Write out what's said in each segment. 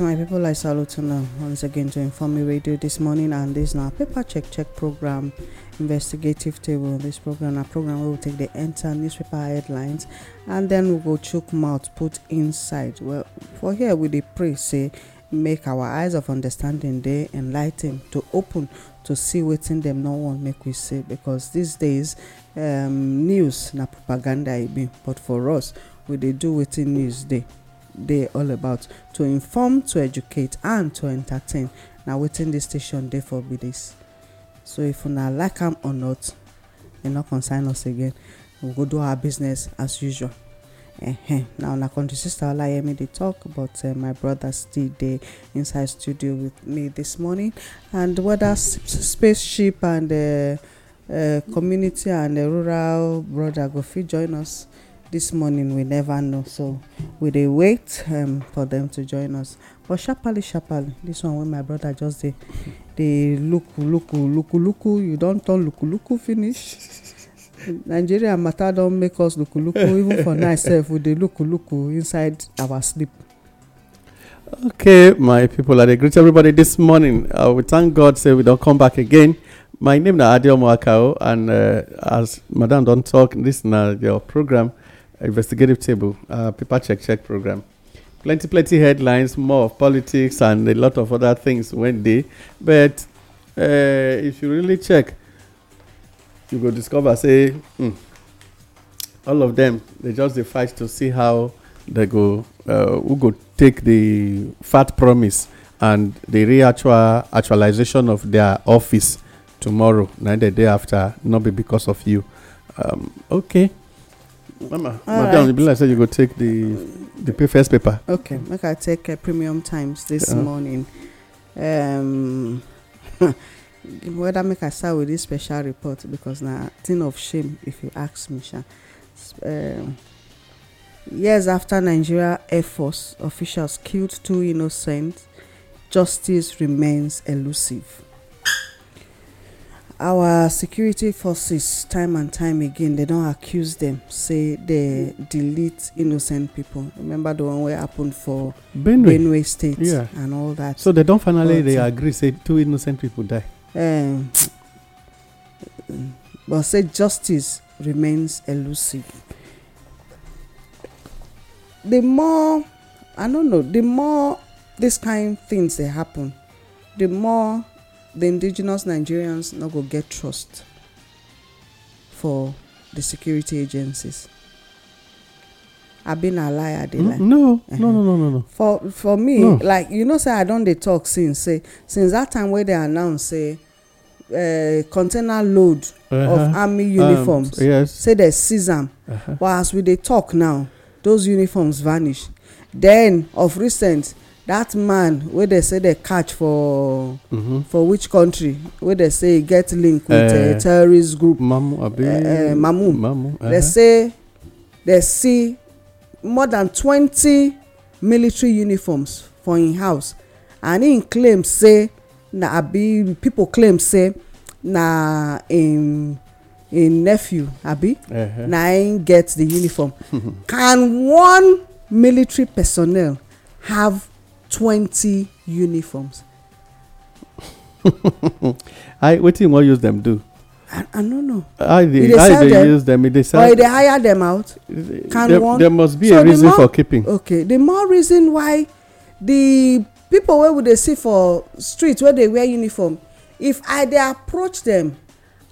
my people, I salute you now once again to Inform Me Radio this morning, and this now paper check check program, investigative table. This program, a program where we take the entire newspaper headlines, and then we go choke mouth, put inside. Well, for here we the pray say, make our eyes of understanding they enlighten to open to see within them no one make we see because these days um, news na propaganda be but for us we they do within news day. dey all about to inform to educate and to entertain na wetin dis station dey for be dis so if una like am or not e no concern us again we go do our business as usual uh-huh. now na country sister olayemi dey talk but uh, my brother still dey inside studio with me this morning and whether spaceship and uh, uh, community and uh, rural brother go fit join us this morning we never know so we they wait um, for them to join us but sharparly sharparly this one when my brother just the dey luku luku luku luku you don't turn luku luku finish nigeria matter don make us luku luku even for night we dey luku luku inside our sleep. okay my people i greet everybody this morning uh, we thank god say we don't come back again my name na Adio Mwakao, and uh, as madam not talk this na your program investigative table, uh, paper check check program. Plenty, plenty headlines, more of politics and a lot of other things went there. But uh, if you really check, you will discover, say, mm, all of them, they just they fight to see how they go, uh, who go take the fat promise and the real actual actualization of their office tomorrow, not the day after, not be because of you. Um, okay. Mama, All madam, right. believe I said you go take the the first paper. Okay, make I take uh, premium times this uh-huh. morning. Um, whether make I start with this special report because now thing of shame if you ask me, sha. Um, years after Nigeria Air Force officials killed two innocent, justice remains elusive our security forces time and time again they don accuse them. say they delete innocent people remember the one wey happen for benue state and all that. so they don finally they agree say two innocent people die Um, but say justice remains elusive the more i no know the more this kind things dey happen the more the indigenous nigerians no go get trust for the security agencies I've been a liar dey lie no uh-huh. no no no no for for me like you know say i don't they talk since say since that time where they announce say eh, container load of uh-huh. army um, uniforms Yes. say dem seize am uh-huh. but as we they talk now those uniforms vanish then of recent that man wey dey say dey catch for mhm. for which country wey dey say e get link with a eh, eh, terrorist group mamu abi eh, mamu. dey say dey see more than twenty military uniforms for im house and im claim say na abi pipo claim say na im im nephew abi na im get di uniform can one military personnel have Twenty uniforms i wetin wan use dem do i i no know how dey use dem e dey sell or dey hire dem out can one there must be a reason for keeping okay the more reason why the people wey we dey see for street wey dey wear uniform if i dey approach dem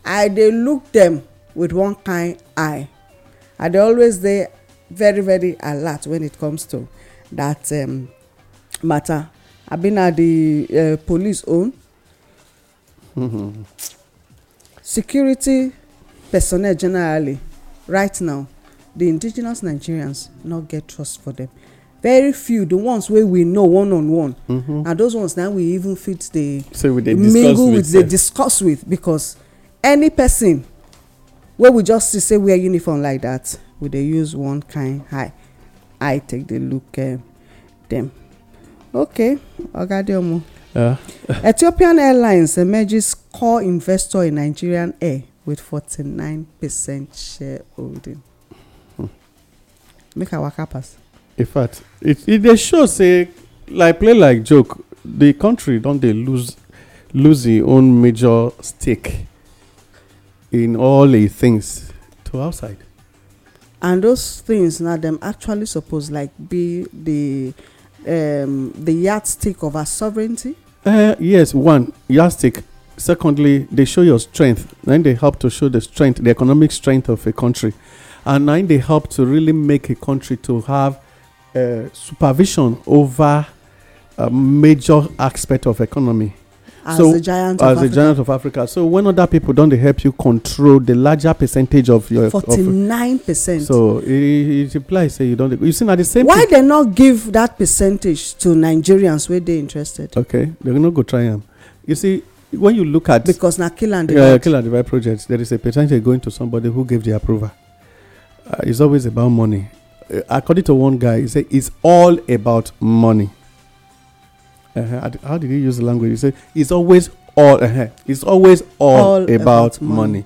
i dey look dem with one kind eye i dey always dey very very alert when it comes to that um, matter abi na di eh, police own mm-hmm. security personnel generally right now di indigenous nigerians no get trust for dem very few the ones wey we know one on one and those ones na we even fit dey mingle with dey discuss with because any person wey we just see say wear uniform like that we dey use one kind eye eye take dey look dem eh, Okay, Ogadiomo. Uh. Ethiopian Airlines emerges eh, core investor in Nigerian Air with forty nine percent shareholding. Hmm. Make our capas. In fact, it, it they show say like play like joke. The country don't they lose lose its own major stake in all the things to outside. And those things now them actually suppose like be the um, the yardstick of our sovereignty? Uh, yes, one yardstick. Secondly, they show your strength. Then they help to show the strength, the economic strength of a country, and then they help to really make a country to have uh, supervision over a major aspect of economy as so, a giant as of Africa. giant of Africa. So when other people don't they help you control the larger percentage of your forty nine percent. So it, it implies say you don't. You see now the same. Why they not give that percentage to Nigerians where they interested? Okay, they're not go try them. You see when you look at because now kill and divide. Uh, kill and divide project there is a percentage going to somebody who gave the approval. Uh, it's always about money. Uh, according to one guy, he said it's all about money uh, how did you use the language? You say it's always all. Uh, it's always all, all about, about, money. money.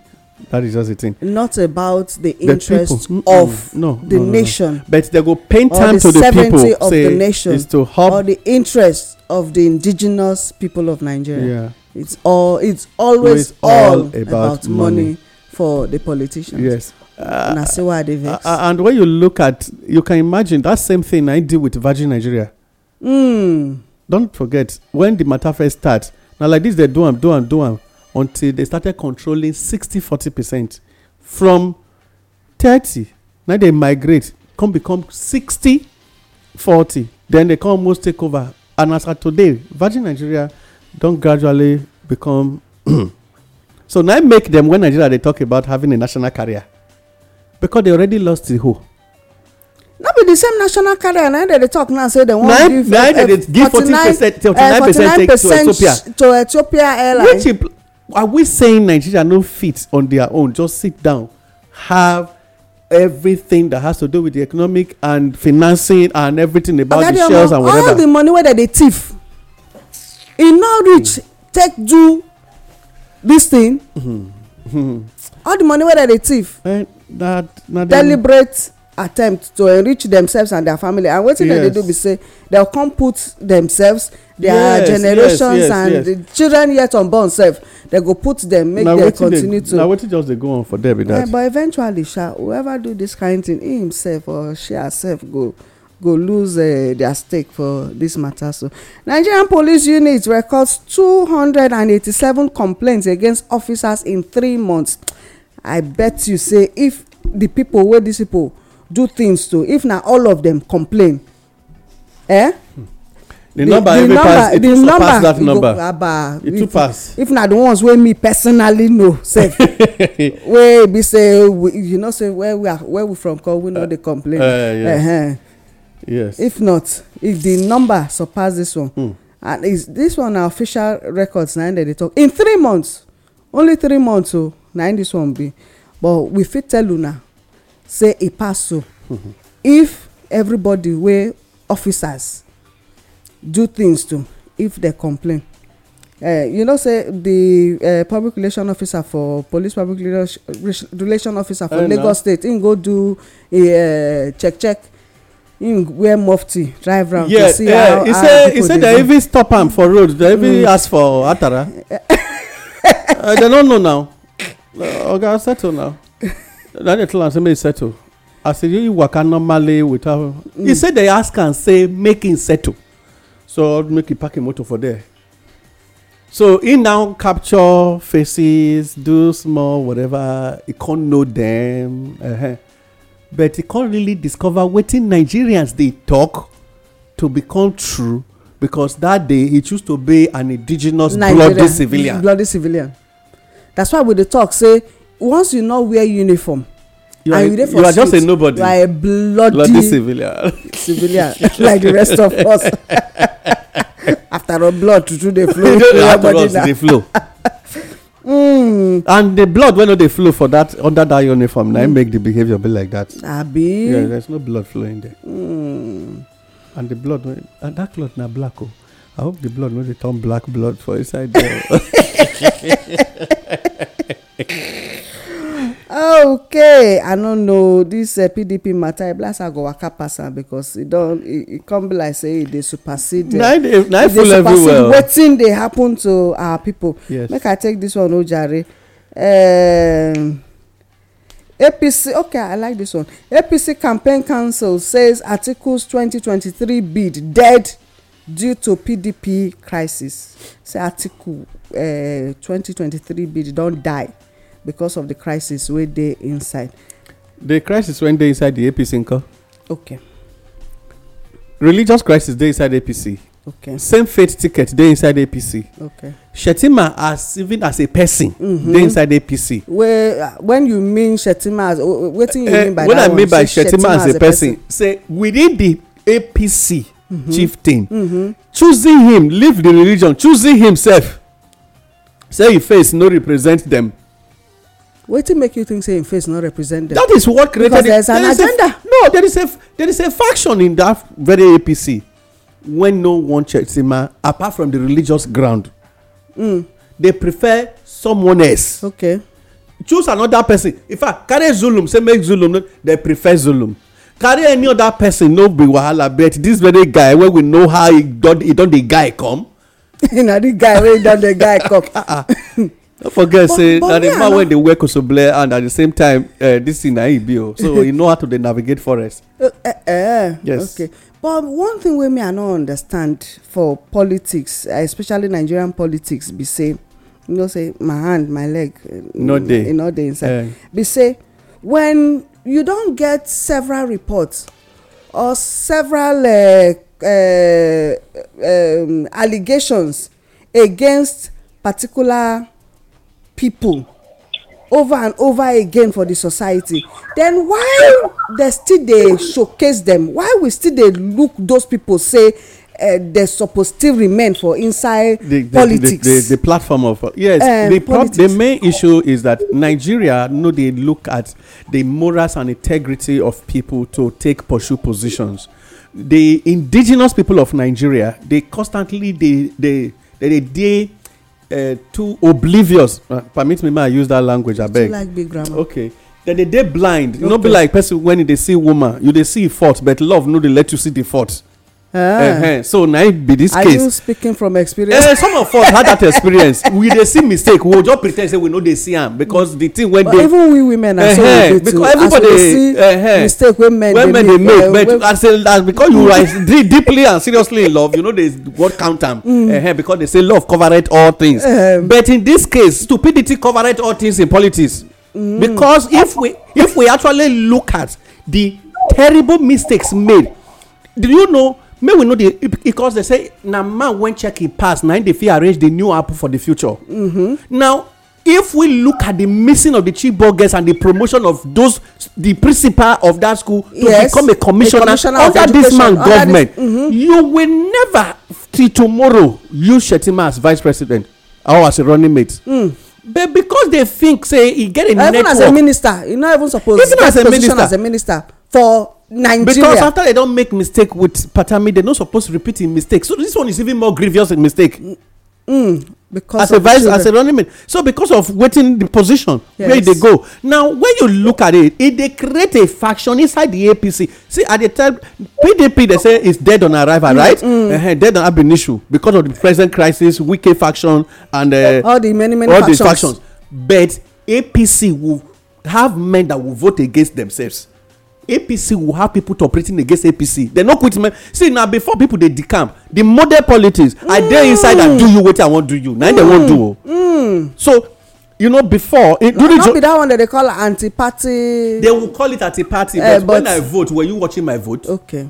That is just the thing. Not about the interest the of no, the no, no, nation. But they go paint time the to the people. Of say the nation is to help or the interest of the indigenous people of Nigeria. Yeah. It's all. It's always, always all, all, about, about money. money. for the politicians. Yes. Uh, na Uh, and when you look at, you can imagine that same thing I deal with Virgin Nigeria. Mm don't forget when the matter first start na like this they do am do am do am until they started controlling sixty forty percent from thirty. now they migrate come become sixty forty. then they come almost take over and as at today virgin nigeria don gradually become so now make them when nigeria dey talk about having a national carrier because they already lost the whole no be the same national carrier na dem dey talk now say dem wan give nine nine dem give uh, forty nine percent forty-nine percent uh, to ethiopia airlines which are we saying nigeria no fit on their own just sit down have everything that has to do with the economic and financing and everything about the shells and whatever all the money wey dem dey thief e no reach take do this thing mm-hmm. all the money wey dem dey thief deliberate attempt to enrich themselves and their family and wetin dem dey do be say dem come put themselves their generations and the children yet unborn sef they go put them, make dem continue to na wetin just dey go on for there be that eh, but eventually sha whoever do this kind thing he himself or she herself go go lose eh, their stake for this matter so nigerian police unit records two hundred and eighty-seven complaints against officers in three months i bet you say if the people wey dis pipo do things too. if na all of them complain eh the number even pass it too pass that number aba it too pass if na the ones wey me personally know sef wey e be say you know say where we are where we from come we no uh, dey complain uh, yes yes if not if the number surpass this one hmm. and is this one na official records na im dem dey talk in three months only three months o na im this one be but we fit tell una say e pass so if everybody wey officers do things to if they complain eh, you know say the eh, public relation officer for police public relation officer for eh, lagos state him go do a check check him wear mufti drive round to see how how people dey do he say they even stop am for road They even mm. ask for atara They no know now oga settle now na dey tell am say make he settle as he waka normally without mm. he say they ask am say make him settle so make he park him motor for there so he now capture faces do small whatever he con know them uh -huh. but he con really discover wetin nigerians dey talk to become true because that day he choose to be an indigenous Nigerian, bloody civilian bloody civilian that's why we dey talk say once you no wear uniform you and are, you dey for street you are just a nobody you are a bloody, bloody civilian civilian like the rest of us after all blood true dey flow through your body na dey flow. Mm. and the blood wey no dey flow for that under that uniform mm. na im hmm. make the behaviour be like that. abi yeah there is no blood flowing there. Mm. and the blood and that cloth na black o oh. i hope the blood no dey turn black blood for inside there okay i no know dis pdp uh, matter blasa go waka pass am because e don e, e come be like say e dey supersede na e, e, e full everywhere wetin dey happen to our pipo make i take this one ojare oh, um, apc okay i like this one apc campaign council says articles 2023 bid dead due to pdp crisis say article 2023 uh, bid don die because of the crisis wey dey inside. the crisis wey dey inside the apc nkan. okay. religious crisis dey inside apc. okay. same faith ticket dey inside apc. okay. Shettima as even as a person. Mm -hmm. dey inside apc. wey uh, when you mean Shettima, as wetin you uh, mean by that I one when i mean by Shettima as, as a person, person say within the apc. Mm -hmm. chieftain mm -hmm. choosing him leave the religion choosing himself say e face no represent them wetin make you think say im face no represent dem that is what created because there is an agenda no there is a there is a faction in that very apc when no one Chetsima, apart from the religious ground mm. they prefer someone else okay choose another person in fact carry zulum say make zulum they prefer zulum carry any other person no be wahala but this very guy wey we know how he don he don the guy come na the guy wey don the guy come ah, ah. don't forget but, say na the man wey dey wear kosoble and at the same time uh, this thing na him be o oh. so he know how to dey navigate forest. Uh, uh, uh, yes okay but one thing wey me i no understand for politics especially nigerian politics be say you know say my hand my leg. no dey e no dey inside uh, be say when you don get several reports or several uh, uh, um, allegations against particular people over and over again for the society then why they still dey showcase them? why we still dey look those people say eh, they suppose still remain for inside politics the the platform of yes eh, the main issue is that nigeria no dey look at the morals and integrity of people to take pursue positions the indigenous people of nigeria dey constantly dey dey dey Eh, too oblivious uh, permit me ma. i use that language abeg like big grammar okay Then they dey blind e no be like person when e dey see woman you dey see fault but love no dey let you see the fault Uh, so na be this case are you speaking from experience Uh, some of us had that experience we dey see mistake we just pre ten d say we no dey see am because the thing wey dey even we women na so we dey too as we see mistake wey men dey make eh, but as as because you are deeply and seriously in love you no dey word count am mm. because they say love covereth all things but in this case stupidity covereth all things in politics mm. because if we if we actually look at the terrible mistakes made do you know May we know the because they say na man wen check e pass na im dey fit arrange the new apple for the future mm-hmm. now if we look at the missing of the chibok girls and the promotion of those the principal of that school to yes, become a commissioner, a commissioner under this man government this, mm-hmm. you will never till tomorrow use shetima as vice president or as a running mate. Mm. but because they think say e get a even network even as a minister you no even suppose even as a minister as a minister for nigeria because after they don make mistake with patami they no suppose repeat im mistake so this one is even more grievous mistake mm, mm, as a vice as a running mate so because of wetin the position where e dey go now when you look at it e dey create a faction inside the apc see at the time pdp dey say is dead on arrival mm, right uh-huh, dead on ab initio because of the present crisis wike faction and uh, all the many many factions but apc will have men that will vote against themselves apc will have people to operating against apc dem not quit man. see now before people they decamp the model politics mm. i dey inside and do you wetin i wan do you Now mm. dem wan do mm. so you know before it, no, not be that one that they call anti-party they will call it anti-party uh, but, eh, but when i vote were you watching my vote okay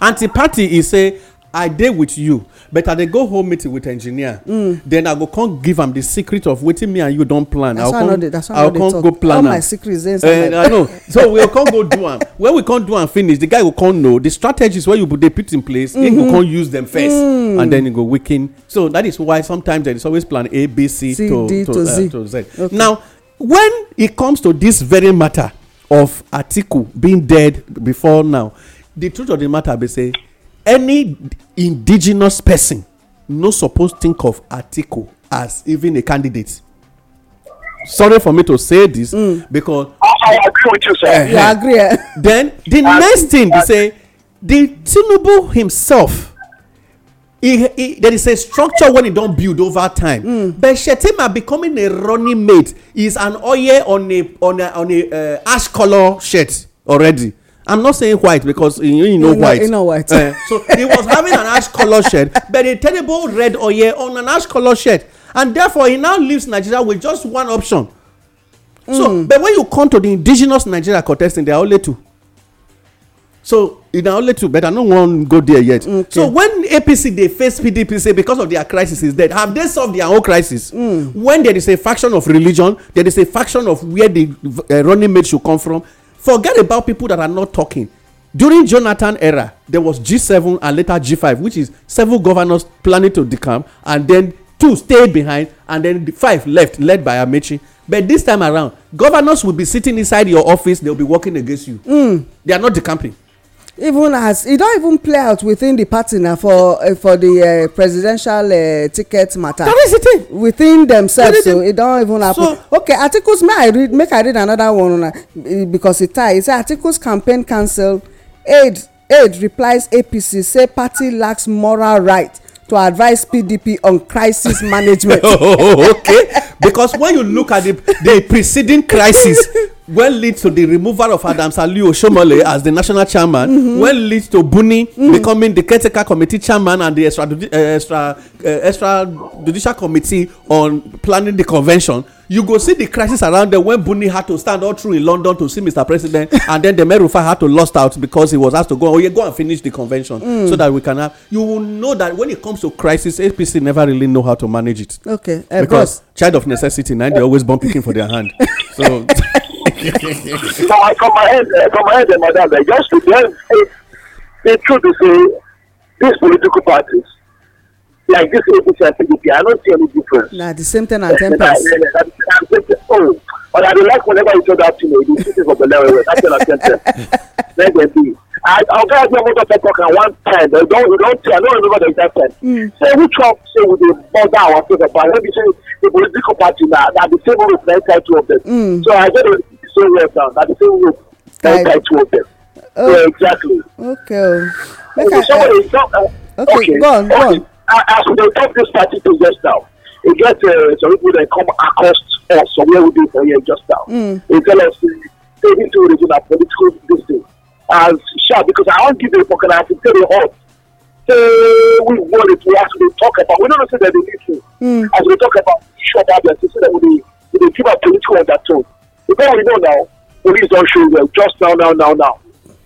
anti-party is say i dey with you but i dey go home meeting with engineer mm. then i go come give am the secret of wetin me and you don plan i go come go plan am all my secrets dey eh, inside i know so we go come go do am when we come do am finish the guy go come know the strategies wey you dey put in place he go mm-hmm. come use them first mm. and then he go weaken so that is why sometimes there is always plan a b c to to uh, z now when it comes to this very matter of atiku being dead before now the truth of the matter be say any indigenous person no suppose think of atiku as even a candidate sorry for me to say this. Mm. because i agree with you sir. Uh, you agree. Eh? then the next thing be say the tinubu himself he, he, there is a structure when e don build over time mm. but shetima becoming a running mate is an oye on a on a on a uh, ash colour shirt already I'm not saying white because you, you know no, white. No, white. Uh, so he was having an ash color shirt, but a terrible red or yeah on an ash color shirt. And therefore, he now leaves Nigeria with just one option. Mm. So, hmm. but when you come to the indigenous Nigeria contesting, there are only two. So, there are only two, but I don't want to go there yet. Mm, okay. So, when APC they face PDP, say because of their crisis is dead, have they solved their own crisis? Mm. When there is a faction of religion, there is a faction of where the uh, running mate should come from, forget about people that are not talking during jonathan era there was g7 and later g5 which is seven governors planning to decamp and then two stayed behind and then the five left led by amechi but this time around governors will be sitting inside your office they will be working against you mm. they are not decamping even as e don even play out within the party na for uh, for di uh, presidential uh, ticket matter that is the within themselves so e don even happen okay articles May i read make i read another one because e tie e say articles campaign cancel aid aid replies apc say party lacks moral right to advise pdp on crisis management. oh, okay because when you look at the the preceding crisis when lead to the removal of adams aliyu Oshomole as the national chairman mm -hmm. when lead to buni mm -hmm. becoming the caretaker committee chairman and the extra uh, extra uh, extra judicial committee on planning the convention you go see the crisis around them when Buni had to stand all through in London to see Mr. President, and then the Merufa had to lost out because he was asked to go. Oh, yeah, go and finish the convention mm. so that we can have. You will know that when it comes to crisis, APC never really know how to manage it. Okay, uh, because boss. child of necessity, now they always bump picking for their hand. So. so I comprehend, I comprehend, madam. Just to them, the truth is, uh, these political parties like this APC and PDP, I don't see any difference. Nah, the same thing at Tempest. oh, but I don't like whenever you tell that to me, you see for Belair, that's what I can tell. Let them be. I, I'll get your motor for talking one time. They don't, you don't, I don't remember the exact time. Mm. So we talk, say we dey bother our people, but let me say the political party now that the same road na inside two of them. Mm. So I get the same way now, That the same road na inside two of them. Oh. Yeah, exactly. Okay. Oh. Okay. So, uh, uh, okay, okay, go on, go on. Okay. as we dey talk this party to just now e get uh, some people dey come accost us So where we dey for here just now mm. they tell us say saving tourism na political this thing as sha because i wan give you for I to tell you all. say we worry to as to talk about we no know say they dey to hmm. as we dey talk about issue about dem say that we dey we dey give am political undertone because we know now police don show well just now now now now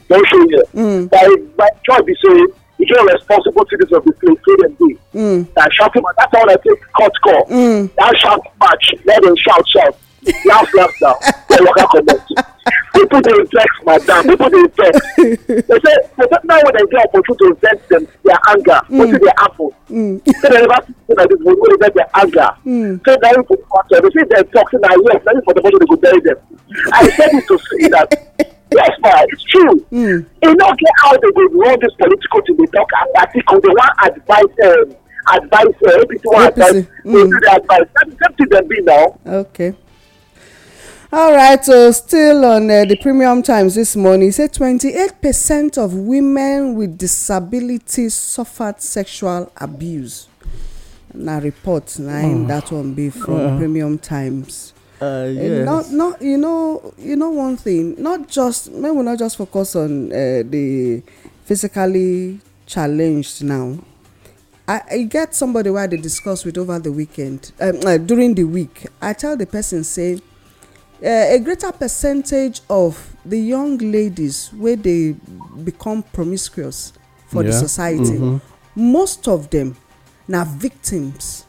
don show here. mm. by by choice be say. responsible citizens of this place say dem dey. Mm. na shouting match that's all I take cut call. Mm. that shout match let them shout shout laugh laugh now then waka comot. people dey vex madam people they vex. they say now when they get opportunity to vent them their anger mm. is their apple? Mm. say dem never see that like this before wey vent their anger. Mm. say na you for the culture they say dem talk say na yes na you for the person they go bury them. i tell you to see that. Yes, ma, it's true. Mm. You know, get how they will run this political thing they talk about. Because they want advice, um, advice, uh, APC want advice. Mm. They hmm. do the advice. That's the same them be now. Okay. All right, so still on uh, the premium times this morning, say 28% of women with disabilities suffered sexual abuse. Now, report, na mm. that one be from yeah. Uh-huh. premium times. Uh, yes. Not, not, you know, you know one thing. Not just maybe we not just focus on uh, the physically challenged now. I, I get somebody where they discuss with over the weekend um, uh, during the week. I tell the person say. Uh, a greater percentage of the young ladies where they become promiscuous for yeah. the society mm -hmm. most of them na victims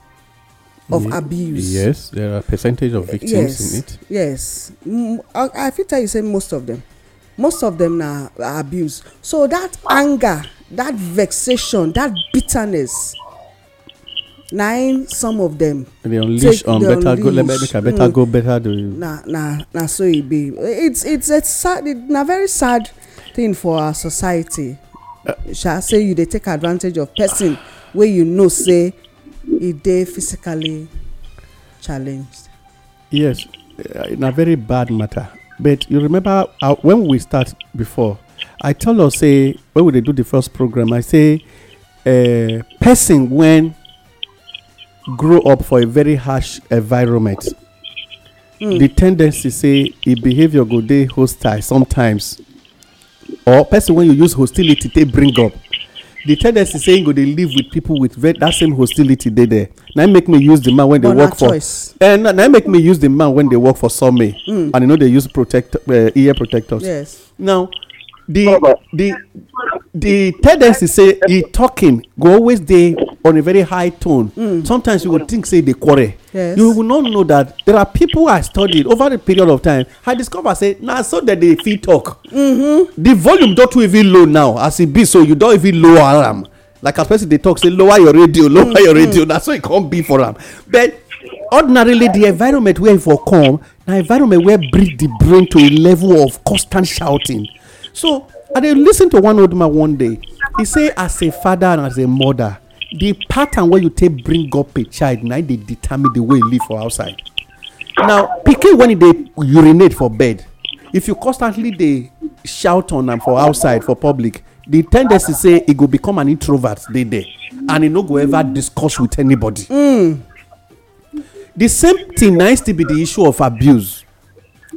of Ye- abuse. Yes, there are percentage of victims yes, in it. Yes, mm, I, I fit tell you say most of them, most of them are abuse. So that anger, that vexation, that bitterness, nine some of them. dey unleash on um, better unleash. go let make i better mm. go better do. you? Nah, nah, nah. so it e be it's it's a sad it, a very sad thing for our society. Shall uh, say you they take advantage of person where you know say e dey physically challenged yes na very bad matter but you remember when we start before i tell us say when we dey do the first program i say eh, person when grow up for a very harsh environment hmm. the tendency say e behaviour go dey hostile sometimes or person when you use hostility take bring up the tendency saying go dey live with people with very that same hostility dey there na im make me use the man wey dey work for and na im make me use the man wey dey work for sawmill hmm. and e no dey use protect eh, ear protectors yes now the the the tendency say e talking go always dey on a very high tone mm. sometimes you would think say they quarrel yes. you will not know that there are people i studied over the period of time i discover say na so that they fit talk mm-hmm. the volume don't even low now as e be so you don't even lower am like especially they talk say lower your radio lower mm-hmm. your radio that's so e can't be for them. but ordinarily the environment where e for come the environment where breed the brain to a level of constant shouting so i listened to one old man one day he say as a father and as a mother the pattern wey you take bring up a child na dey determine the way e live for outside now pikin when e dey urinate for bed if you constantly dey shout on am for outside for public the tendency say e go become an introvert dey there and e no go ever discuss with anybody. Mm. the same thing na still be the issue of abuse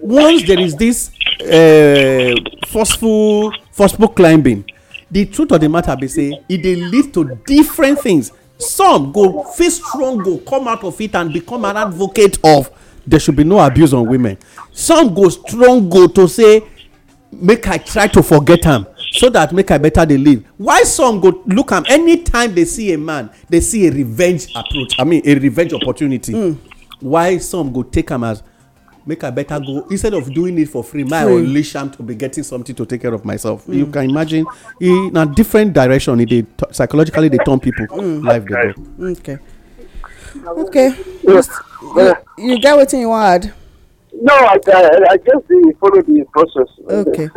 once there is this uh, forceful forceful climbing the truth of the matter be say e dey lead to different things some go feel strong go come out of it and become an advocate of there should be no abuse on women some go strong go to say make i try to forget am so that make i better dey live why some go look am anytime they see a man they see a revenge approach i mean a revenge opportunity mm. why some go take am as make i better go instead of doing it for free my unleash am to be getting something to take care of myself you mm. can imagine e na different direction e dey psychologically dey turn people mm. life dey go okay okay you get wetin you wan add no i i just dey follow the process okay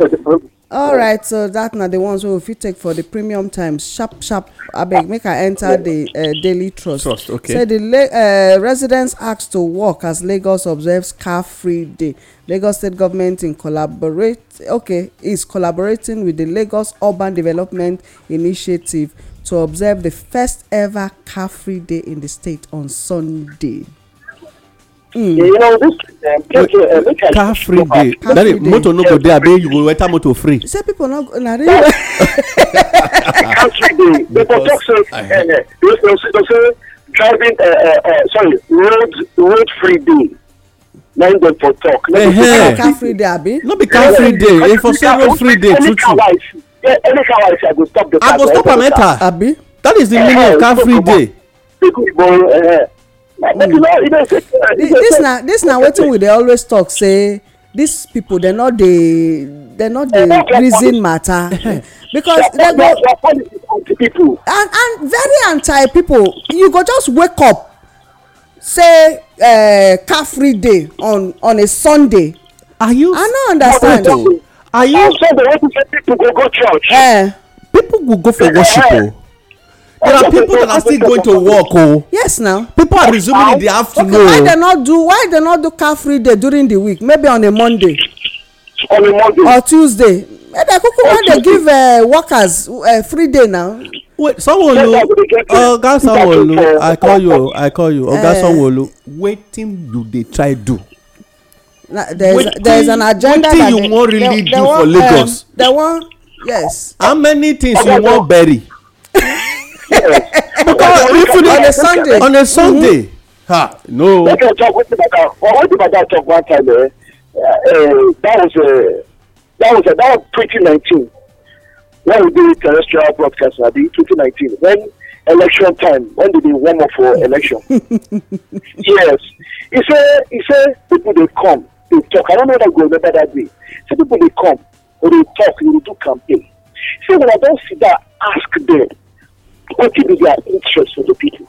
All right, so dat na the ones wey we fit take for the premium times sharp sharp abeg make i enter di eh, daily trust trust okay say di eh, residents asked to work as lagos observes car free day lagos state government in collaborate okay is collaborating with the lagos urban development initiative to observe the first ever car free day in the state on sunday Hmm. car free day that motor no go dey abe you go enter motor free. say people no na real. car free day People talk eh, eh, say they say driving uh, uh, sorry road road free day. na him dey for talk. no be car free day abi. no be car free day e for say road free day true true. any car i i go stop the car. i go stop am enter abi that is the meaning of car free day. people go this na this na wetin we dey always talk say these people dem no dey dem no dey reason matter because dem go and and very anti people you go just wake up say eh, car free day on on a sunday are you i no understand are you on sunday wey people go go church eh. people go go for eh, worship o oh there are people that are still going to work oh yes now people are resuming in the afternoon okay why they not do why they not do car free day during the week maybe on a monday on a monday or tuesday Maybe. dem kuku wan dey give uh, workers uh, free day now. wait sanwoolu oga sanwoolu i call you i call you oga uh, eh. sanwoolu wetin you dey try do. na there is there is an agenda that they really they, for Lagos? um, they wan yes. how many things you wan bury. yes. because literally on a sunday on a sunday mm-hmm. ha no. make i talk wetin matter wetin matter talk one time eh uh, that was uh, that was uh, that was twenty nineteen when we do terrestrial broadcast na be twenty nineteen when election time when they dey warm up for election yes he say he say people dey come dey talk i don't know if i go remember that day say people dey come or dey talk dey do campaign say when i don see that ask them what will be their interest for the people.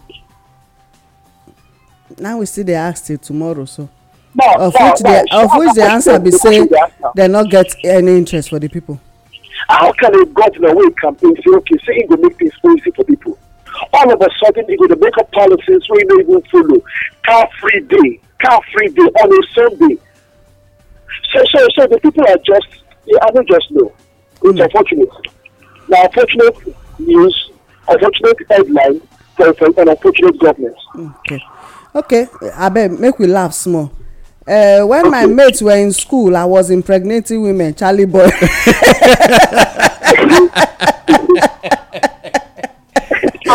Now we still dey ask till tomorrow so. No, of no, which no, the no, of no, which the answer be say they no get any interest for the people. How can a governor wey campaign say okay say e go make things easy for people all of a sudden e go dey make up policies wey no even follow car free day car free day on a sunday so so so the people are just yeah, i no just know it's mm. unfortunate na unfortunate news unfortunate headline for an unfortunate government. okay okay abeg make we laugh small. Uh, when okay. my mates were in school i was impregnating women charlie boy.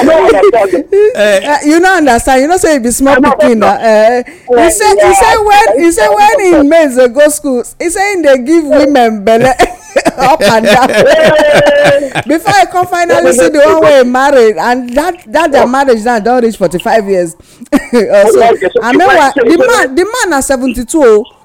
Uh, you no understand you know say you be small pikin na uh, he say he say when he say when him mates dey go school he say him dey give women belle. up and down before i come finally see the one wey married, and that that their oh. marriage now don't reach forty-five years also and oh, meanwhile the man the man na seventy-two oh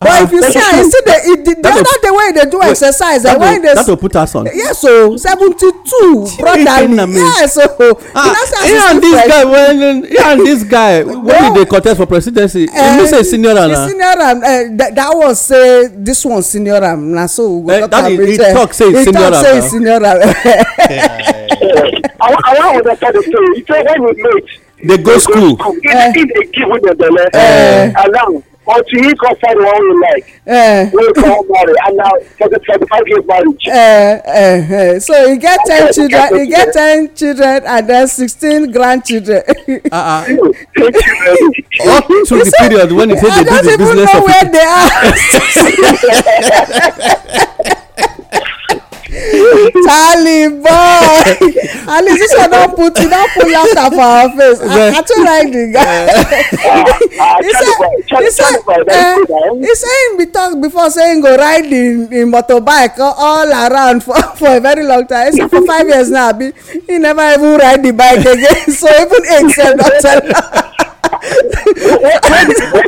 but ah, if you see you see the the other day wey dey do exercise and when dey that to put us on yes o oh, seventy-two brotherly yes o oh. you ah, know say as guy when he and this guy when wey dey contest for presidency uh, you say eh, senior am na senior am eh, that one say this one senior am na so we go eh, he talk say he senior am he talk say he senior am. i wan understand the story He say when you late. dey go school. He if dey give you the belle allow until he come find one you like. Uh, wey come marry and na forty forty five years marriage. Uh, uh, uh. so you get ten children you get ten children and then sixteen grandchildren. uh-uh. up to the period when you say they do the business of. i don't even know where they are. Taliban at least this should not put don put laughter for our face I, I too like the guy he said. he say uh, he said. him talked before saying go ride in him motorbike all around for for a very long time he said for five years now abi he never even ride the bike again so even eight sef not tell am. so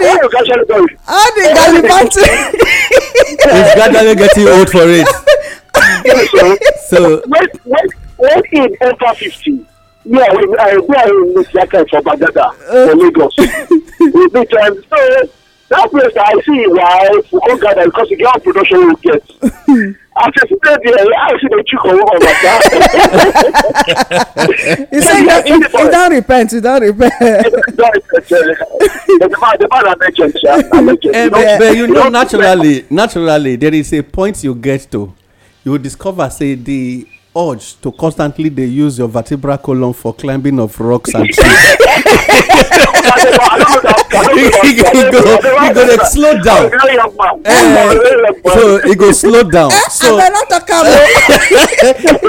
the all the gallivanting. he's gradually getting old for it yes, So when when when he enter fifty, me I will I will I will make that kind for Bagada for Lagos. We be time so that place I see why we come gather because the girl production will get. I just dey there, I see the chicken over there. He ah. said he don't repent, he don't repent. The man, the man I mentioned, I mentioned. You you know, naturally, naturally, there is a point you get to you will discover say the urge to constantly dey use your vertebral column for climbing of rocks and trees. He go you go dey slow down eh, so he go slow down eh, so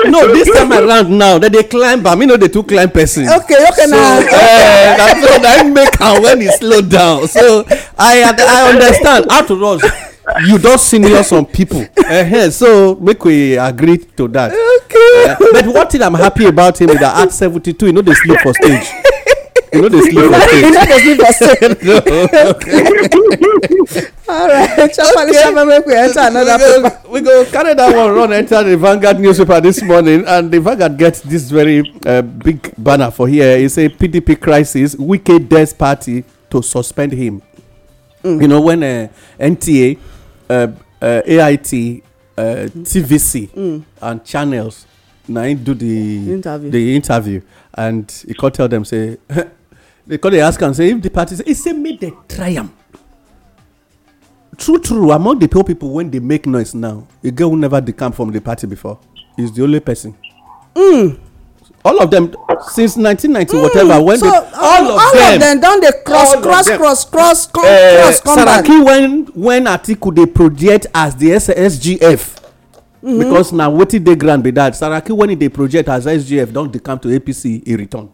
no this time around now dem dey climb am e no dey too climb person okay okay so uh, na so na im make am when he slow down so i i understand how to rush you don senior some people -huh. so make we agree to that okay eh, but one thing i'm happy about him is that at 72 he no dey sleep for stage you know they sleep for stage. you know they sleep for stage. no. all right make we enter another go, paper. we go carry that one run enter the Vanguard newspaper this morning and the Vanguard gets this very uh, big banner for here e say PDP crisis Wike death party to suspend him. Mm. you know when uh, eh, NTA uh, uh, ait uh, mm. tvc mm. and channels na him do the interview. the interview and he come tell them say they come dey ask am say if the party say he say make dem try am true true among the poor people wey dey make noise now a girl who never dey camp from the party before is the only person. Mm all of them since 1990 mm, whatever when so, they uh, all of all them all of them don dey cross cross cross eh, cross uh, cross come back. saraki when when atiku dey project as the SSGF, Mm -hmm. because na wetin dey ground be that saraki when e dey project as sgf don dey come to apc e return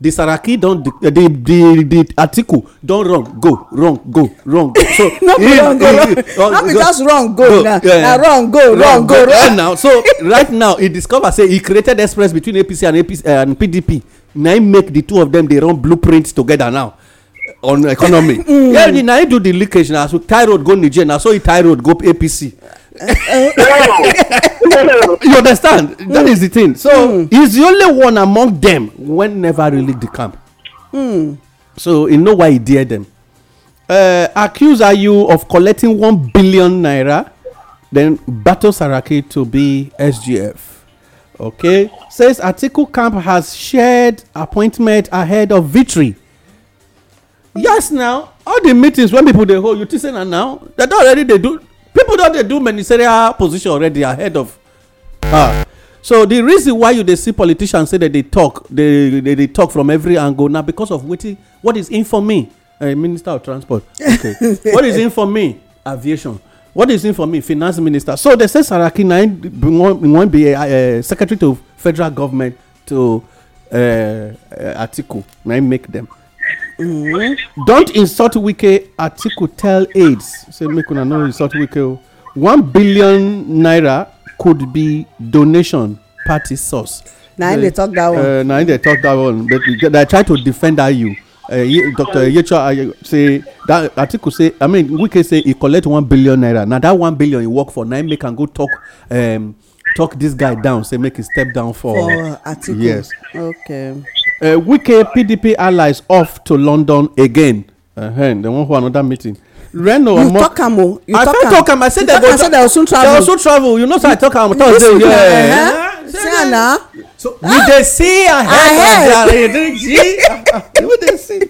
the saraki don eh, the the the article don wrong go wrong go wrong so no be wrong go wrong no be just wrong go na na wrong go wrong go wrong now so right now e discover say e created express between apc and apc eh, and pdp na im make the two of dem dey run blueprint together now on economy mm. yeah na im do the leakage na so tie road go niger na so e tie road go apc Oh. you understand? That mm. is the thing. So mm. he's the only one among them when never really the camp. Mm. So he know why he dare them. Uh, accuse are you of collecting one billion naira, then battle Saraki to be SGF. Okay, says Article Camp has shared appointment ahead of victory. Yes, now all the meetings when people they hold, you listen and now that already they do people don dey do ministerial position already ahead of her ah. so the reason why you dey see politicians say dem dey talk they dey talk from every angle na because of wetin what is in for me eh, minister of transport okay what is in for me aviation what is in for me finance minister so they say saraki na wan be a eh, eh, secretary to federal government to article. na im make them? Mm-hmm. don't insult wike atiku tell aides, say make una no insult wike o one billion naira could be donation party source. na im dey talk that one. Uh, na im dey talk that one but they try to defend that you. Uh, eh, dr yecho say that atiku say i mean wike say he collect one billion naira na that one billion he work for na im make am go talk um, talk this guy down say make he step down for. for atiku yes. okay uh, Wike PDP allies off to London again. Uh, uh-huh, hey, they won't hold another meeting. Reno you talk am o you talk am i fit talk am i say dem go say dem soon travel dem soon travel you know uh-huh. say i talk am thursday yeah see am na. so we ah. dey see ahead ah, of jare we dey see.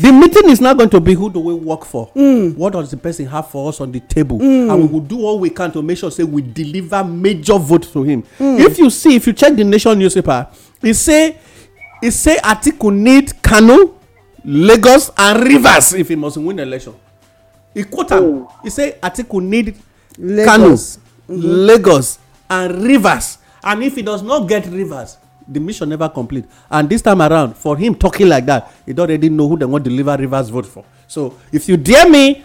The meeting is now going to be who do we work for? Mm. What does the person have for us on the table? Mm. And we will do all we can to make sure say we deliver major vote to him. Mm. If you see, if you check the nation newspaper, it say he say atiku need kano lagos and rivers if he must win election he quote am oh. he say atiku need kano mm-hmm. lagos and rivers and if he does not get rivers the mission never complete and this time around for him talking like that he don already know who dem wan deliver rivers vote for so if you dare me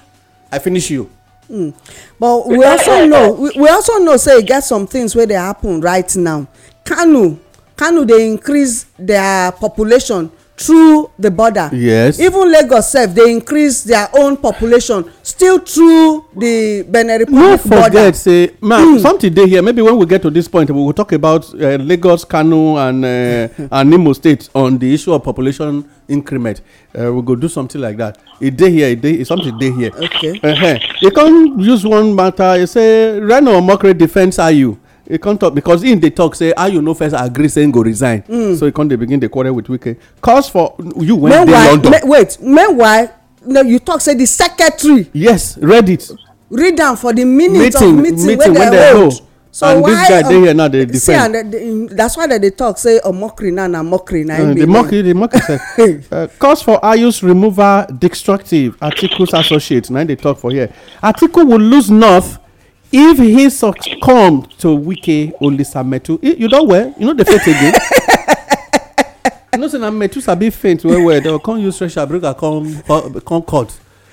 i finish you. Mm. but we also know we, we also know say e get some things wey dey happen right now kanu kano dey increase their population through the border yes even lagos sef dey increase their own population still through the benin republic border no forget say ma hmm. something dey here maybe when we get to this point we go talk about uh, lagos kano and uh, and imo states on the issue of population increment uh, we go do something like that e dey here e something dey here okay uh -huh. come use one matter e say reno omokre defence iu He come talk because him dey talk say how you no first agree say him go resign hmm. so he come dey begin dey quarrel with wike cause for you wen dey london wait meanwhile you talk say the secretary yes read it read am for di minutes of meeting wey dem hold so and this guy um, dey here now dey defend see and that's why dem dey talk say omokri oh, now na mockery na im be the mockery the mockery sef uh, calls for ayus removal destructive articles associate na im dey talk for here article will lose north if he succumb to wike olisametu you don well you no dey faint again you know say na metu sabi faint well well dem go come use stretcher bring her come come court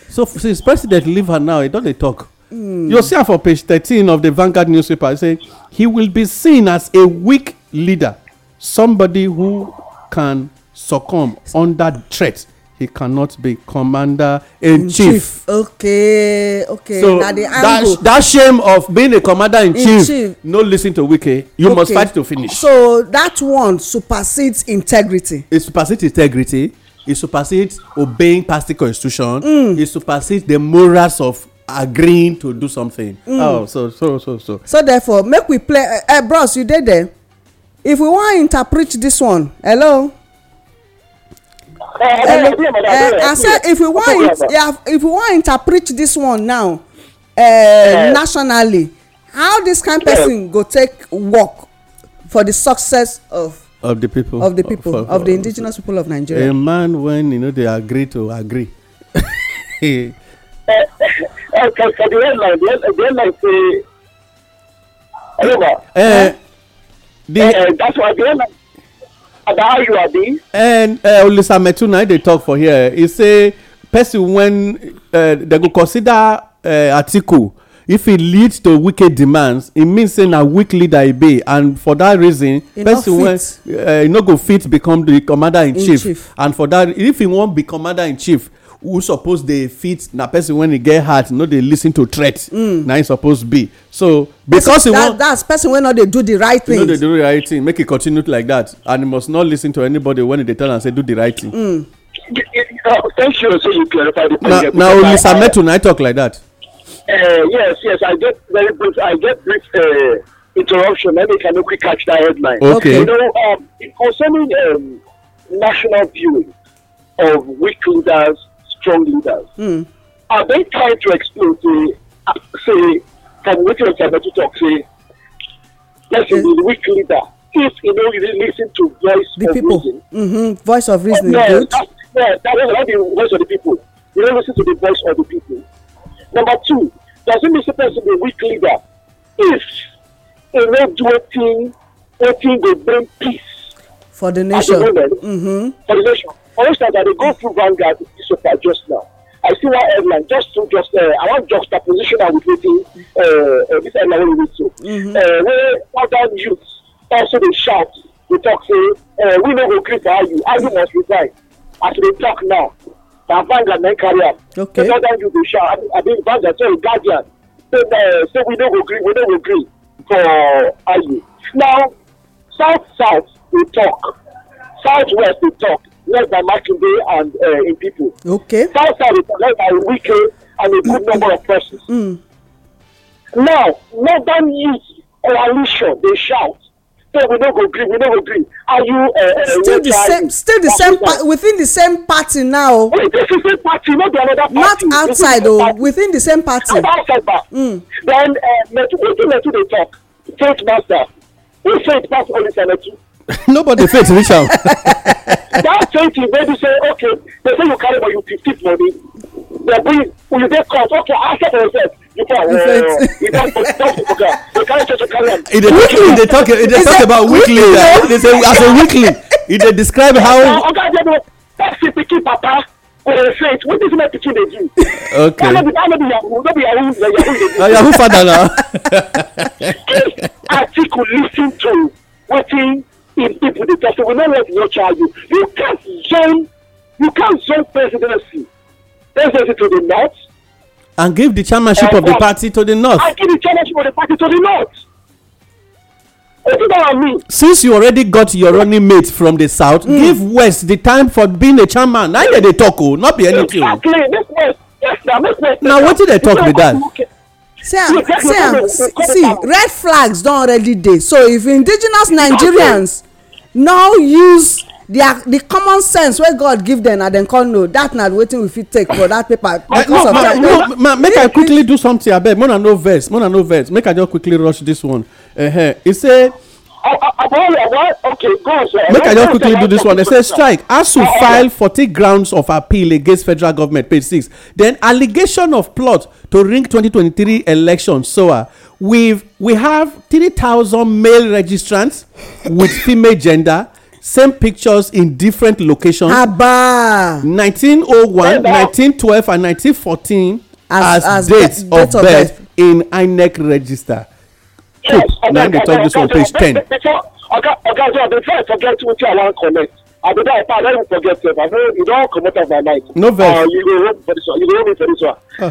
so since president leave her now e don dey talk. Mm. you see am for page thirteen of the Vanguard newspaper e say he will be seen as a weak leader somebody who can succumb under threat he cannot be commander in chief. okay okay so na the angle so that shame of being a commander in chief no listen to wike you must fight to finish. so that one supersedes integrity. it supersedes integrity it supersedes obeying party constitution. Mm. it supersedes the morals of agreeing to do something. Mm. oh so so so so. so therefore make we play uh, uh, bros you dey there if we wan interpret this one hello Eh, eh, eh, i say if we wan if we wan interpret this one now nationally how this kind person go take work for the success of of the people of the people of, of the indigenous people of nigeria a man when you know they agree to agree for the headline the headline say. Uh, the, uh, that's why the headline about how you are being. and uh, olisa metuna dey talk for here e say person when uh, dem go consider uh, atiku if it leads to wicked demands it means say a weak leader be and for that reason person when e no go fit become the commander in chief and for that if he won't be commander in chief who suppose dey fit na person when e get heart no dey lis ten to threat mm. na im suppose be so because e wan that's person wey no dey do the right thing no dey do the right thing make e continue like that and e must not lis ten to anybody when e dey tell am say do the right thing. Mm. thank you say you clarify the na na olisa metu na i talk like that. Uh, yes yes i get very brief i get brief. Uh, interruption. Maybe can quick catch that headline. Okay. You know, um, concerning um, national viewing of weak leaders strong leaders. Mm. Are they trying to exploit the uh, say from what you're about talk, say, let's say, eh? the weak leader, if you know you listen to voice the of people. reason. Mm-hmm. Voice of reason. Yeah, good. That, that was not the voice of the people. You don't listen to the voice of the people. Number two, it mean supposed to be a weak leader if you know do a thing will bring peace for the nation. The moment, mm-hmm. For the nation. For instance, I go through Vanguard Isopa just now. I see one headline just to just uh, I want juxtaposition and with waiting uh, uh, this headline we need to. Mm-hmm. Uh, where other youths also dey shout dey talk say uh, we no go gree for ayu ayu must resign as we dey talk now na vanga men carry am. okay say other youths dey shout abi vanga sorry guardian say uh, say we no go gree we no go gree for ayu. now south south dey talk south west dey talk led by Makinde and uh, in people. Okay. South side is led by Wike and a good number of persons. Mm. Now, Northern Youth Coalition, they shout, say we no go gree we no go gree are you uh, uh still the same still the same pa within the same party now wait this is same party no be another party not outside o oh, within the same party not outside ba mm. then uh, metu wetin metu dey talk faith master who faith pass only senetu nobody fit reach am. that twenty thing wey be say okay they say you carry but you fit money dem bring you dey court okay answer for yourself you can well you oh, don talk to program you carry church carry am. e dey talk e dey talk e talk about weekly e dey say as a weekly e dey describe how. oga jebo person pikin papa go dey faint wetin small pikin dey do. okay that no be that no be yahoo no be yahoo na yahoo dey do. na yahoo father na. if atiku lis ten to wetin if, if, if the person will not let your child you, you can't zone, you can't zone presidency, presidency to the north. And give the chairmanship of the party to the north. And give the chairmanship of the party to the north. What do that mean? Since you already got your running mate from the south, mm. give West the time for being a chairman. Neither they talk, oh, not be anything. Exactly. This West, yes, now, this West. Now, what did they talk with that? Okay. Sam, Sam, see red flags don already dey so if indigenous nigerians no use their the common sense wey god give them, and dem come know that na wetin we fit take for that paper eh, because of that no ma make i quickly do something abeg than no verse, more than no verse. make i just quickly rush this one uh -huh. e say Make I just quickly do this one. They say strike. ASU file forty grounds of appeal against federal government, page six. Then allegation of plot to ring 2023 election. So uh, we've, we have 3,000 male registrants with female gender. Same pictures in different locations. Abba. 1901, 1912, and 1914 as, as, dates of, of birth, birth in INEC register. Cook, now they talk this on page 10. Oga, Oga, before I forget what I want to comment, Abuja Ipa, I don't forget sef. I know you don comot off my mind. No vex. Uh, you go hold for this one. You go hold me for this one. Uh.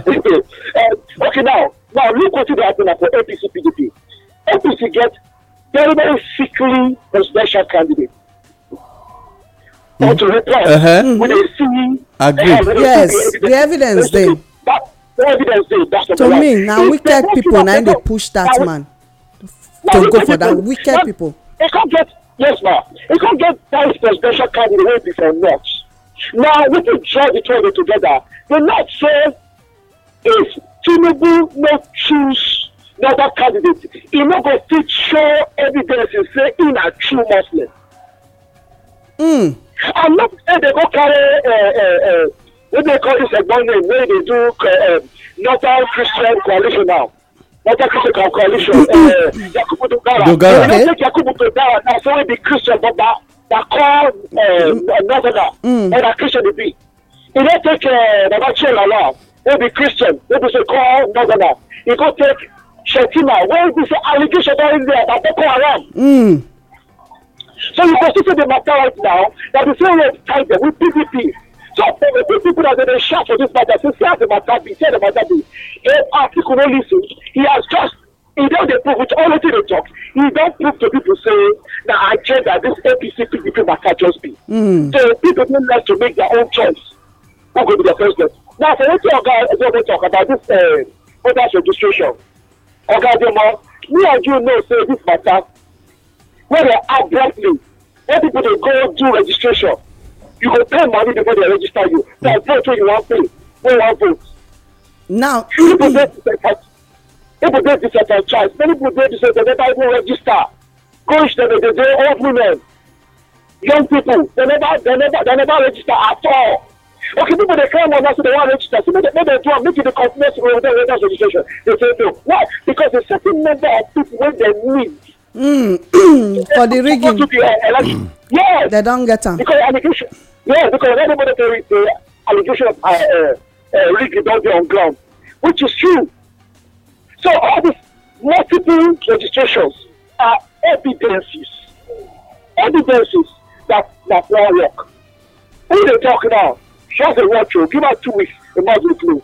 uh, okay, now, now look what dey happen na for APC PDP. APC get very very sickly presidential candidate. Mm. But to reply, uh -huh. we mm-hmm. dey see. Agree. Uh, yes, the evidence dey. The evidence dey. To me, na wicked people na dey push that man to go for that wicked people. e come get yes ma e come get vice presidential candidate wey be for north now wetin draw the two of them together the north say if tinubu no choose another candidate e no go fit show evidence say e na true muslim. Mm. and not say they go carry uh, uh, wey dey call this egbon eh, name wey dey do uh, um, northern christian coalition now Let us eh, eh, mm. mm. take our coalition. Uh, Yakubu Dogara. Dogara. Okay. Take Yakubu Dogara. That's only the Christian, but that that call uh, North Africa. And that Christian will be. He don't take uh, Baba Chela now. He'll be Christian. He'll be so called North Africa. He go take Shetima. Where is this allegation that is there about Boko Haram? Mm. So you can see the matter right now that the same way tied with PDP So for the people that they shout for this matter, since he has a matter, he said a matter, if article no listen, he has just he don dey prove with all wetin dey talk he don prove to people say na agenda this apc pdp matter just be. Hmm. so people dey left to make their own choice who go be their president. now for wetin oga ezeogo talk about this uh, voters registration oga adeomo me and you know say this matter wey dey add brightly when people dey go do registration you go pay money before they register you that's not what you wan pay wey you wan vote. now people you dey people dey disenfranchised many people dey disenfranchised never even register go reach dem dey dey old women young people They never they never they never register at all okay people dey claim one say dem wan register so make dem do am make you dey continue to dey register registration They say no why because a certain number of people wey dem need Mm. for the rigging the uh, mm. yes they don get am because allegation yes because anybody dey the allegation of uh, uh, uh, rigging don dey on ground which is true so all these multiple registrations are evidences evidences that that wan work who dey talk now just dey watch o oh, give am two weeks the mouth go close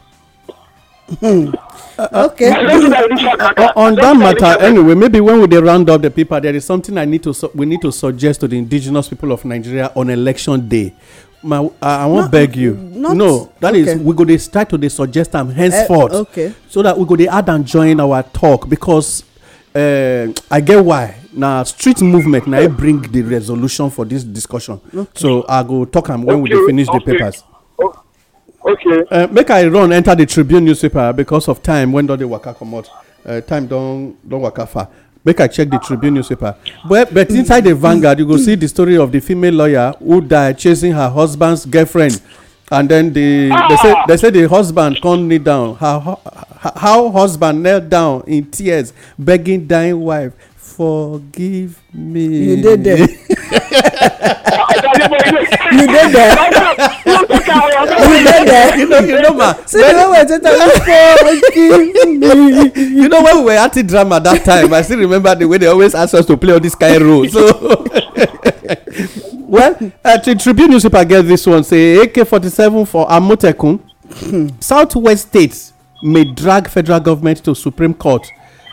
Hmm. Uh, uh, okay. uh, on that matter, anyway, maybe when we they round up the paper, there is something I need to su- we need to suggest to the indigenous people of Nigeria on election day. My, uh, I won't not, beg you. no, that okay. is we go they start to they suggest them henceforth. Eh, okay. So that we go they add and join our talk because eh, I get why now street movement now I e bring the resolution for this discussion. Okay. So I go talk them when okay. we finish the papers okay Uh, make i run enter the tribune newspaper because of time when don they waka comot uh, time don't don't waka far make i check the tribune newspaper but but inside the vanguard you go see the story of the female lawyer who died chasing her husband's girlfriend and then the they say they say the husband come kneel down her how husband knelt down in tears begging dying wife forgive me. you did that. you did that. you know you know you ma see the way we take am for give me you know when we were acting drama that time i still remember the way they always ask us to play all this kind role so well uh, the tribune newspaper get this one say ak-47 for amotekun southwest states may drag federal government to supreme court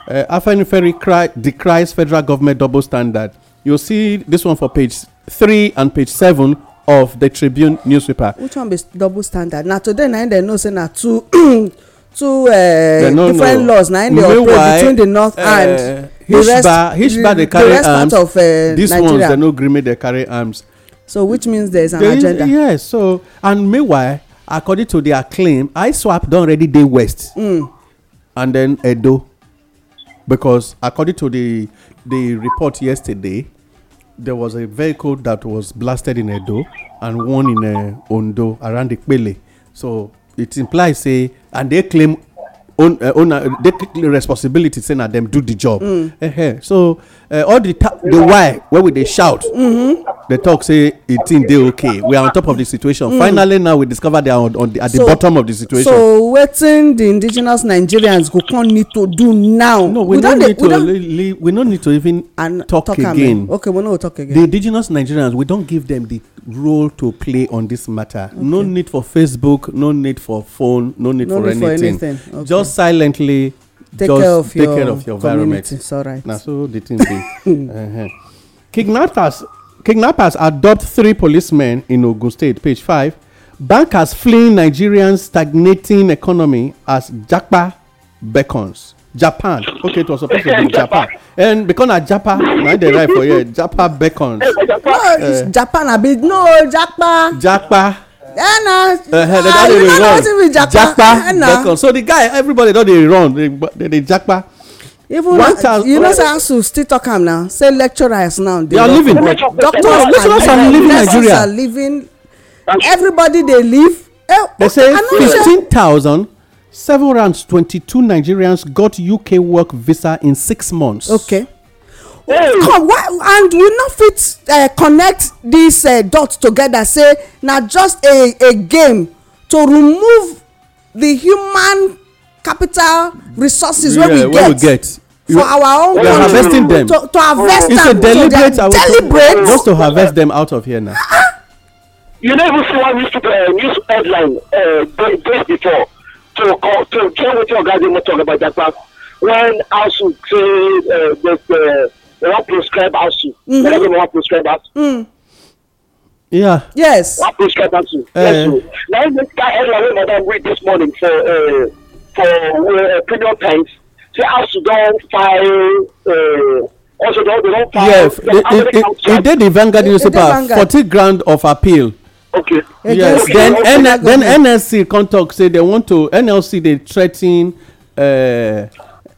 uh, afenifere cry decries federal government double standard you see this one for page three and page seven of the tribune newspaper which one be double standard na today na im dem know say na two two uh, different laws na im dey operate between the north uh, and the rest The dey carry arms uh, these ones dem no gree make dem carry arms so which means there is an agenda yes so and meanwhile according to their claim iswap don already dey west mm. and then edo because according to the the report yesterday there was a vehicle that was blasted in Edo and one in uh, Ondo around Ikpele. So it implies say and they claim own uh, own uh, they claim responsibility saying that them do the job. Mm. Uh-huh. So uh, all the ta- the why Where we dey shout mm-hmm. they talk say the thing dey okay we are on top of the situation mm. finally now we discover they are on, on the, at so, the bottom of the situation. so wetin the indigenous nigerians go come need to do now. no we, we no need to we, li, we no need to even and talk, talk again. okay we no go talk again. the indigenous nigerians we don give them the role to play on this matter. Okay. no need for facebook no need for phone no need no for need anything. for anything okay. just silently take just care of take your care of your environment. Now, so the thing be. uh-huh. Kidnappers, kidnappers adopt three policemen in Ogun State, page five. Bankers fleeing Nigeria's stagnating economy as Japa beckons. Japan. Okay, it was supposed to be Japan. And because of Japa, I dey right for you. Japa beckons. No, uh, Japan abi no Japa. Japa na i remember wetin be japa so the guy everybody don dey run dey dey japa even you know say asu still talk am now say lecturers now dey leaving doctors are living. everybody dey leave eh, they say fifteen 15000 several twenty-two nigerians got uk work visa in six months okay come why and we no fit uh, connect dis uh, dots together say na just a a game to remove the human capital resources wey we get for our own country to to harvest am to their deliberate just to harvest them out of here now you no even see one news uh, headline days before to call to join wetin oga dey talk about japa when house say the they wan prescribe house you mm -hmm. they no mm-hmm. go know wan prescribe house. Mm. Yeah. Yes. Wan prescribe house you. Uh, yes o. Eh. Na im make that headline wey madam read this morning for uh, for uh, premium times say house you don file. Uh, also don they don file. yes e dey the vanguard newspaper forty grand of appeal. okay. yes okay. then okay. N then nsc come talk say they want to nlc They threa Uh,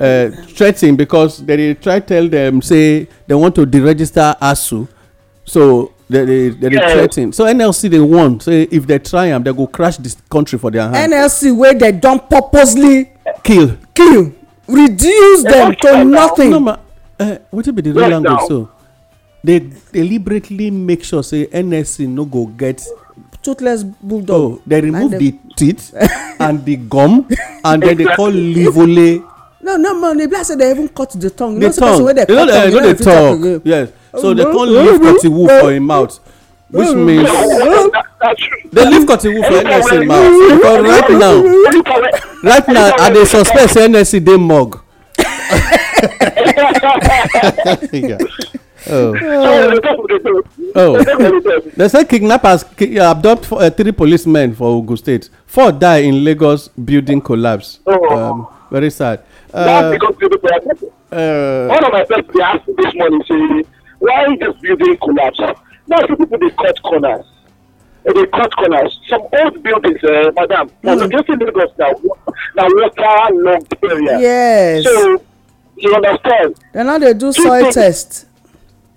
uh, threatening because they try tell them say they want to deregister ASU, so they they, they yeah. threaten. So NLC they want say if they try am they go crash this country for their hand. NLC wey they don purposely kill kill reduce they them to nothing. No, ma, uh, wetin be the real language so they deliberately make sure say NLC no go get. toothless oh, bulldog. oh they remove the teeth and the gum and then they call livole no no man. The like say they even cut the tongue you know say person wey dey cut tongue eh, you know the fit talk again yes so they come leave cutting wood for im mouth which mm-hmm. means they leave cutting wood for nsc mouth because right now right now i dey suspect say nsc dey mug. Oh. oh. oh. they say kidnappers ki abduct uh, three policemen for ogun state four die in lagos building collapse oh. um, very sad Uh, That's because people were people. Uh, One of my friends they asked me this morning, saying, why this building collapse? Now people they cut corners. They cut corners. Some old buildings, uh, madam, mm. just in Lagos now, now water logged area. Yes. So, you understand? And now they do Two soil things, test.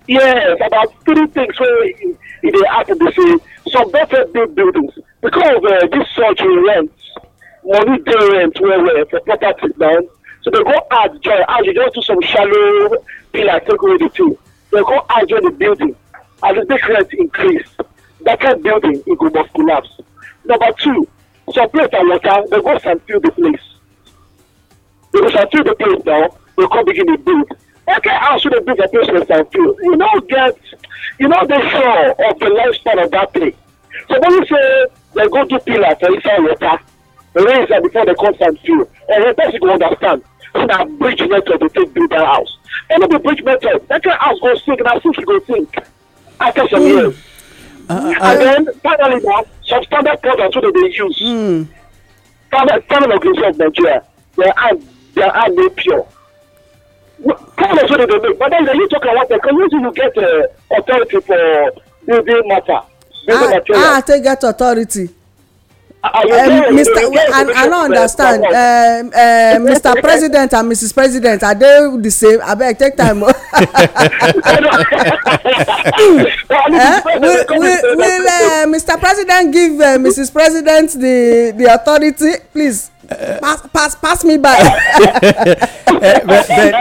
Yes, about three things where they it happen to say some better big buildings because uh, this surgery rent, money they rent well, well for property now. So they go add joy, and they just do some shallow pillar, take away the two. They go add joy the building. As the big rent increase, that kind of building it go must collapse. Number two, some place and water, they go and fill the place. They go fill the place now, they come begin to build. Okay, how should they build a place for santil? You know, get, you know, the show of the lifespan of that place. So when you say they go do pillar for inside water, raise that before they come and santil, and the person go understand so na bridge method dey take build that house any be bridge method that kind of house go sink na sink go sink after some years uh, and uh, then finally na some standard products wey dem dey use mm. standard standard of use of nigeria their hand their hand dey pure products wey dem dey make but then you talk about that because once you get uh, authority for building matter building ah, material ah I take get authority mr um, i no understand mr um, um, president and mrs president are they the same abeg take time eh? will uh, mr president give uh, mrs president the the authority please pass pass pass me by. Eh, hey,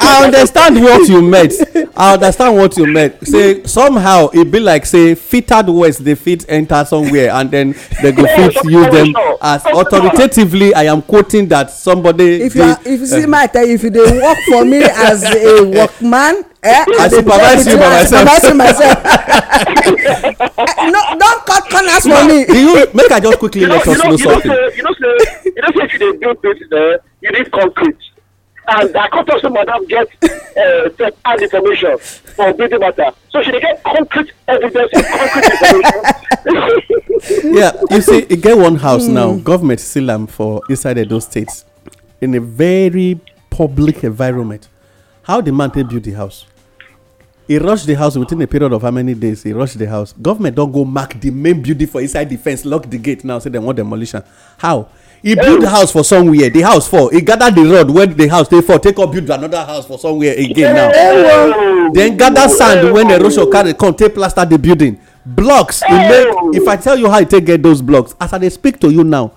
I understand what you meant. I understand what you meant. Say somehow it be like say fitted words they fit enter somewhere and then they go fit use them as authoritatively. I am quoting that somebody. If you, are, if you see my tell if you dey work for me as a workman. Eh? I supervise you by myself. I myself. Eh, no, don't cut corners for me. Do you make I just quickly let us know, something? You know, say, you know, say if you dey build this, uh, you need concrete. And I come talk madam get uh, eh, and information for building matter. So she get concrete evidence concrete information. yeah, you see, you e get one house mm. now. Hmm. Government seal am for inside those states, in a very public environment. How the man take build the house? he rush the house within a period of how many days he rush the house government don go mark the main building for inside the fence lock the gate now say dem want demolition how he build the house for somewhere the house fall he gather the road when the house dey fall take up build another house for somewhere again now then gather sand when erosion carry come take plaster the building blocks he make if i tell you how he take get those blocks as i dey speak to you now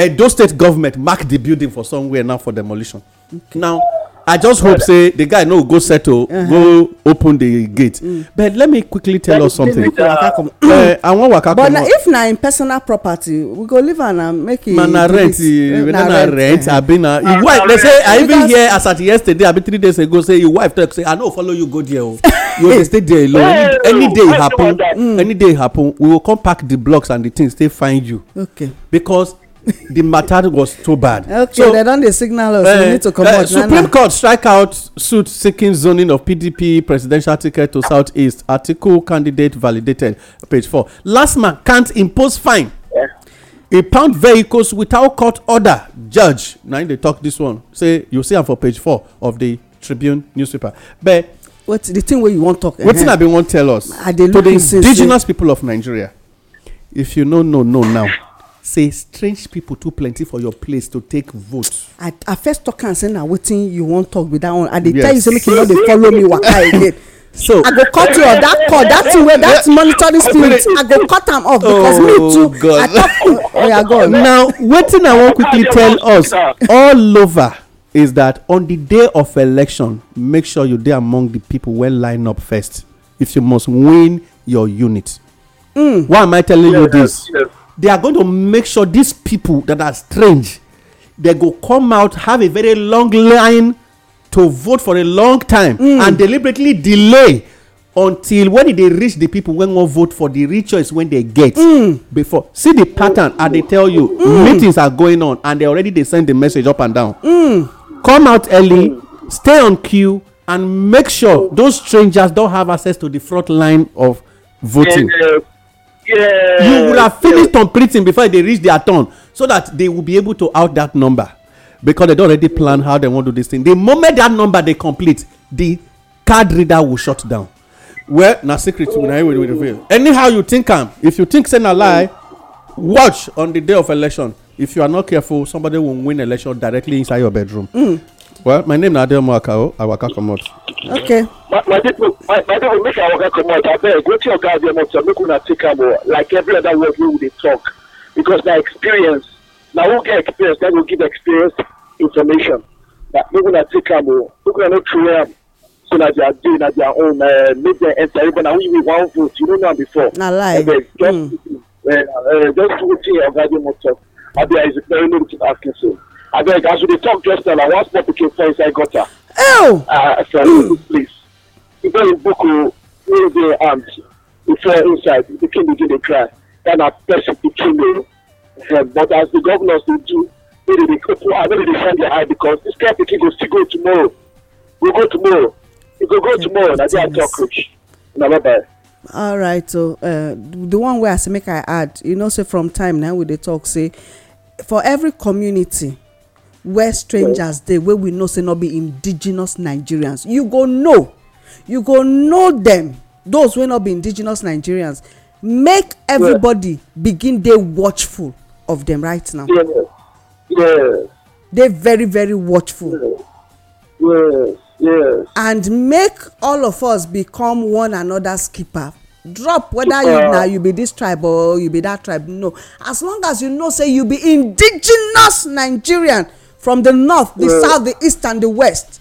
edo state government mark the building for somewhere now for demolition now i just hope say the guy no go settle go uh-huh. open the gate mm. but let me quickly tell us something uh, i wan waka comot but if na im personal property we go leave am and make e man na rent eh, na na rent uh-huh. abi na im wife dey say i even hear as at yesterday abi three days ago say im wife talk say i no follow you go there o you dey stay there alone any day e happen mm. any day happen we go come pack the blocks and the things take find you okay because the matter was too bad. okay so, they don dey signal us uh, we eh, need to comot eh, uh, supreme court strike out suit seeking zoning of pdp presidential ticket to south east article candidate validated page four last man can't impose fine yeah. a pound vehicles without court order judge na him dey talk this one say you see am for page four of the tribune newspaper but. wetin the thing wey you wan talk. wetin uh -huh. i bin wan tell us to the eh? indigenous people of nigeria if you no know know now say strange people too plenty for your place to take vote. i i first talk am say na wetin you wan talk be that one i dey yes. tell you say make you no dey follow me waka again. so i go cut your that call that thing wey that monitoring spirit i go cut am off because oh, me too God. i talk to oya oh, god. now wetin i wan quickly tell us all over is that on the day of election make sure you dey among the people wey line up first if you must win your unit. Mm. why am i telling yes, you this. Yes they are going to make sure these people that are strange they go come out have a very long line to vote for a long time mm. and deliberately delay until when they reach the people when wan vote for the real choice when they get. Mm. before see the pattern and they tell you mm. mm. meetings are going on and they already dey send the message up and down. Mm. come out early stay on queue and make sure those strangers don have access to the front line of voting. Yeah, uh, yeah you will have finished completing before they reach their turn so that they will be able to out that number because they don already plan how they want to do this thing the moment that number they complete the card reader will shut down well now secret na we dey reveal anyhow you think am if you think say a lie watch on the day of election if you are not careful somebody will win election directly inside your bedroom mm. Well, my name na Adelmo Akao. I waka come out. Okay. My, my people, my, my people, make I waka come out. I beg, go to your guys, your motor, make una take am like every other word we dey talk. Because na experience, na who get experience, that will give experience information. Na make una take am o, make una no throw am. So na their day, na their own, uh, eh, make them enter. But na who you wan vote, you no know am before. Na lie. Abeg, just, mm. uh, uh, just wetin your guys, your motor. Abia is very limited asking so abeg as we dey talk just now na one small pikin fall inside gutter. ew ah from place e in book o wey dey armed e fall inside the pikin begin dey cry that na person pikin o but as the governors dey do wey dey dey open eye ah, wey dey dey shine their eye because this kind pikin go still go tomorrow go go tomorrow e go go tomorrow na there i talk reach una bye bye. all right So uh, eh, the one wey i say make i add you know say from time now we dey talk say for every community where strangers dey wey we know say no be indigenous nigerians you go know you go know dem those wey no be indigenous nigerians make everybody begin dey watchful of dem right now dey very very watchful and make all of us become one another skipper. drop whether you na you be this tribe or you be that tribe no as long as you know say you be indigenous nigerian from the north the yeah. south the east and the west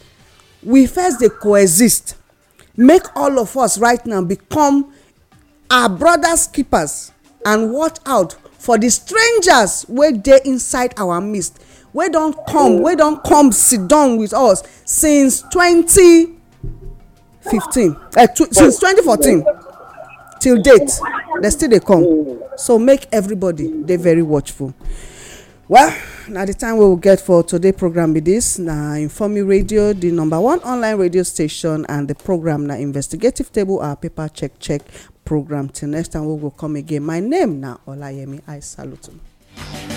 we first dey coexist make all of us right now become our brothers keepers and watch out for the strangers wey dey inside our midst wey don come wey don come sit down with us since 2015 uh, eh, Since twenty fourteen till date dem still dey come oh. so make everybody dey very watchful well na the time wey we get for today program be dis na informi radio the number one online radio station and the program na investigative table our paper check check program till next time we go come again my name na olayemi i salute you.